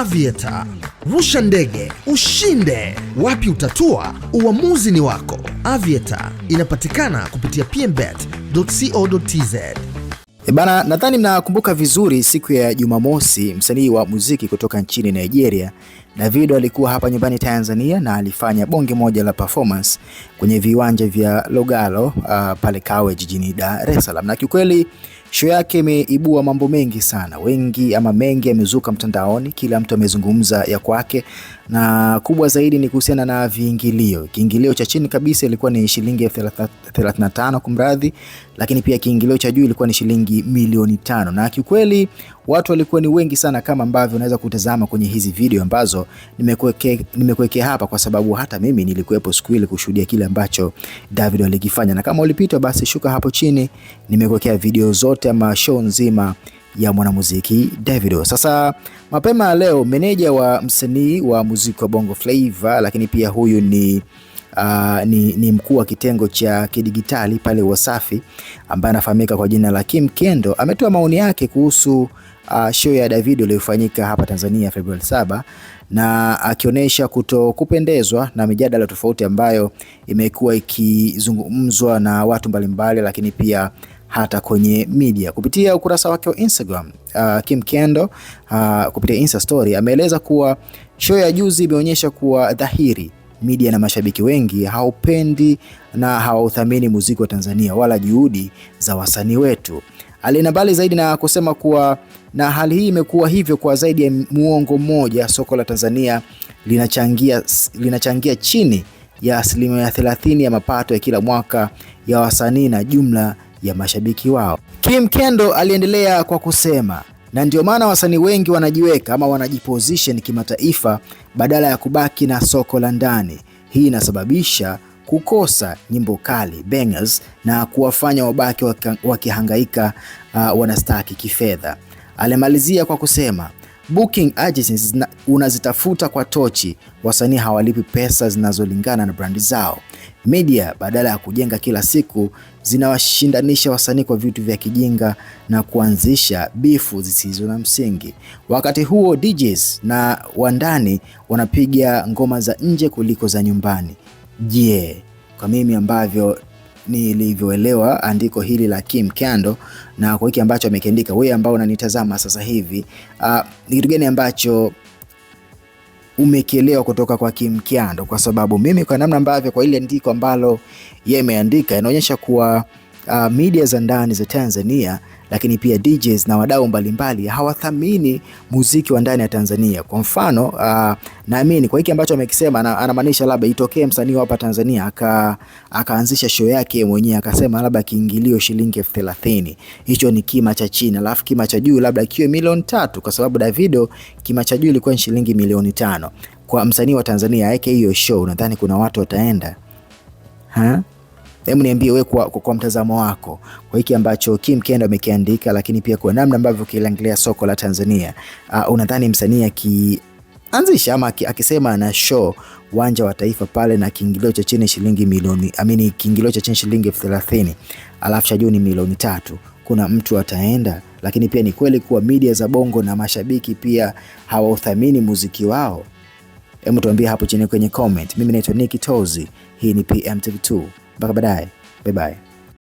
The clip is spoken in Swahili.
Aviator. Rusha ndege ushinde. Wapi utatua? Uamuzi ni wako. Aviator inapatikana kupitia pmbet.co.tz. E bana, nadhani mnakumbuka vizuri siku ya Jumamosi, msanii wa muziki kutoka nchini Nigeria Davido alikuwa hapa nyumbani Tanzania na alifanya bonge moja la performance kwenye viwanja vya Logalo uh, pale Kawe jijini Dar es Salaam, na kiukweli show yake imeibua mambo mengi sana, wengi ama mengi yamezuka mtandaoni, kila mtu amezungumza ya kwake, na kubwa zaidi ni kuhusiana na viingilio. Kiingilio cha chini kabisa ilikuwa ni shilingi 35 kumradhi, lakini pia kiingilio cha juu ilikuwa ni shilingi milioni tano, na kiukweli watu walikuwa ni wengi sana, kama ambavyo unaweza kutazama kwenye hizi video ambazo nimekuwekea hapa, kwa sababu hata mimi nilikuwepo siku ile kushuhudia kile ambacho David alikifanya. Na kama ulipitwa, basi shuka hapo chini, nimekuwekea video zote ama show nzima ya mwanamuziki Davido. Sasa mapema leo meneja wa msanii wa muziki wa Bongo Flava, lakini pia huyu ni uh, ni, ni mkuu wa kitengo cha kidigitali pale Wasafi ambaye anafahamika kwa jina la Kim Kendo ametoa maoni yake kuhusu uh, show ya Davido iliyofanyika hapa Tanzania Februari 7 na akionyesha kuto kupendezwa na mijadala tofauti ambayo imekuwa ikizungumzwa na watu mbalimbali, lakini pia hata kwenye media kupitia ukurasa wake wa Instagram. Uh, Kim Kendo uh, kupitia Insta story ameeleza kuwa show ya juzi imeonyesha kuwa dhahiri media na mashabiki wengi haupendi na hawauthamini muziki wa Tanzania wala juhudi za wasanii wetu. Alienda mbali zaidi na kusema kuwa na hali hii imekuwa hivyo kwa zaidi ya muongo mmoja. Soko la Tanzania linachangia, linachangia chini ya asilimia 30 ya mapato ya kila mwaka ya wasanii na jumla ya mashabiki wao. Kim Kendo aliendelea kwa kusema na ndio maana wasanii wengi wanajiweka ama wanajiposition kimataifa badala ya kubaki na soko la ndani. Hii inasababisha kukosa nyimbo kali bangers, na kuwafanya wabaki wakihangaika uh, wanastaki kifedha. Alimalizia kwa kusema booking agencies unazitafuta kwa tochi, wasanii hawalipi pesa zinazolingana na brandi zao. Media badala ya kujenga kila siku zinawashindanisha wasanii kwa vitu vya kijinga na kuanzisha bifu zisizo na msingi. Wakati huo DJs na wandani wanapiga ngoma za nje kuliko za nyumbani. Je, yeah. Kwa mimi ambavyo nilivyoelewa andiko hili la Kim Kando na kwa hiki ambacho amekiandika wewe ambao unanitazama sasa hivi, ah, ni kitu gani ambacho umekelewa kutoka kwa Kimkyando, kwa sababu mimi, kwa namna ambavyo, kwa ile andiko ambalo yeye ameandika inaonyesha kuwa uh, media za ndani za Tanzania lakini pia DJs na wadau mbalimbali hawathamini muziki wa ndani ya Tanzania. Kwa mfano uh, naamini kwa hiki ambacho amekisema anamaanisha labda itokee msanii hapa Tanzania aka akaanzisha show yake mwenyewe akasema labda kiingilio shilingi elfu thelathini. Hicho ni kima cha chini, alafu kima cha juu labda kiwe milioni tatu, kwa sababu Davido kima cha juu ilikuwa ni shilingi milioni tano. Kwa msanii wa Tanzania aweke hiyo show, nadhani kuna watu wataenda ha? Hebu niambie wewe kwa, kwa, kwa mtazamo wako kwa hiki ambacho Kim Kenda amekiandika, lakini pia kwa namna ambavyo kilangilia soko la Tanzania. Uh, unadhani msanii akianzisha ama akisema na show uwanja wa Taifa pale na kiingilio cha chini shilingi milioni amini, kiingilio cha chini shilingi elfu thelathini alafu cha juu ni milioni tatu kuna mtu ataenda? Lakini pia ni kweli kuwa media za Bongo na mashabiki pia hawauthamini muziki wao? Hebu tuambie hapo chini kwenye comment. Mimi naitwa Nicky Tozi, hii ni PMTV2. ไปก็ไม่ได้บ๊ายบาย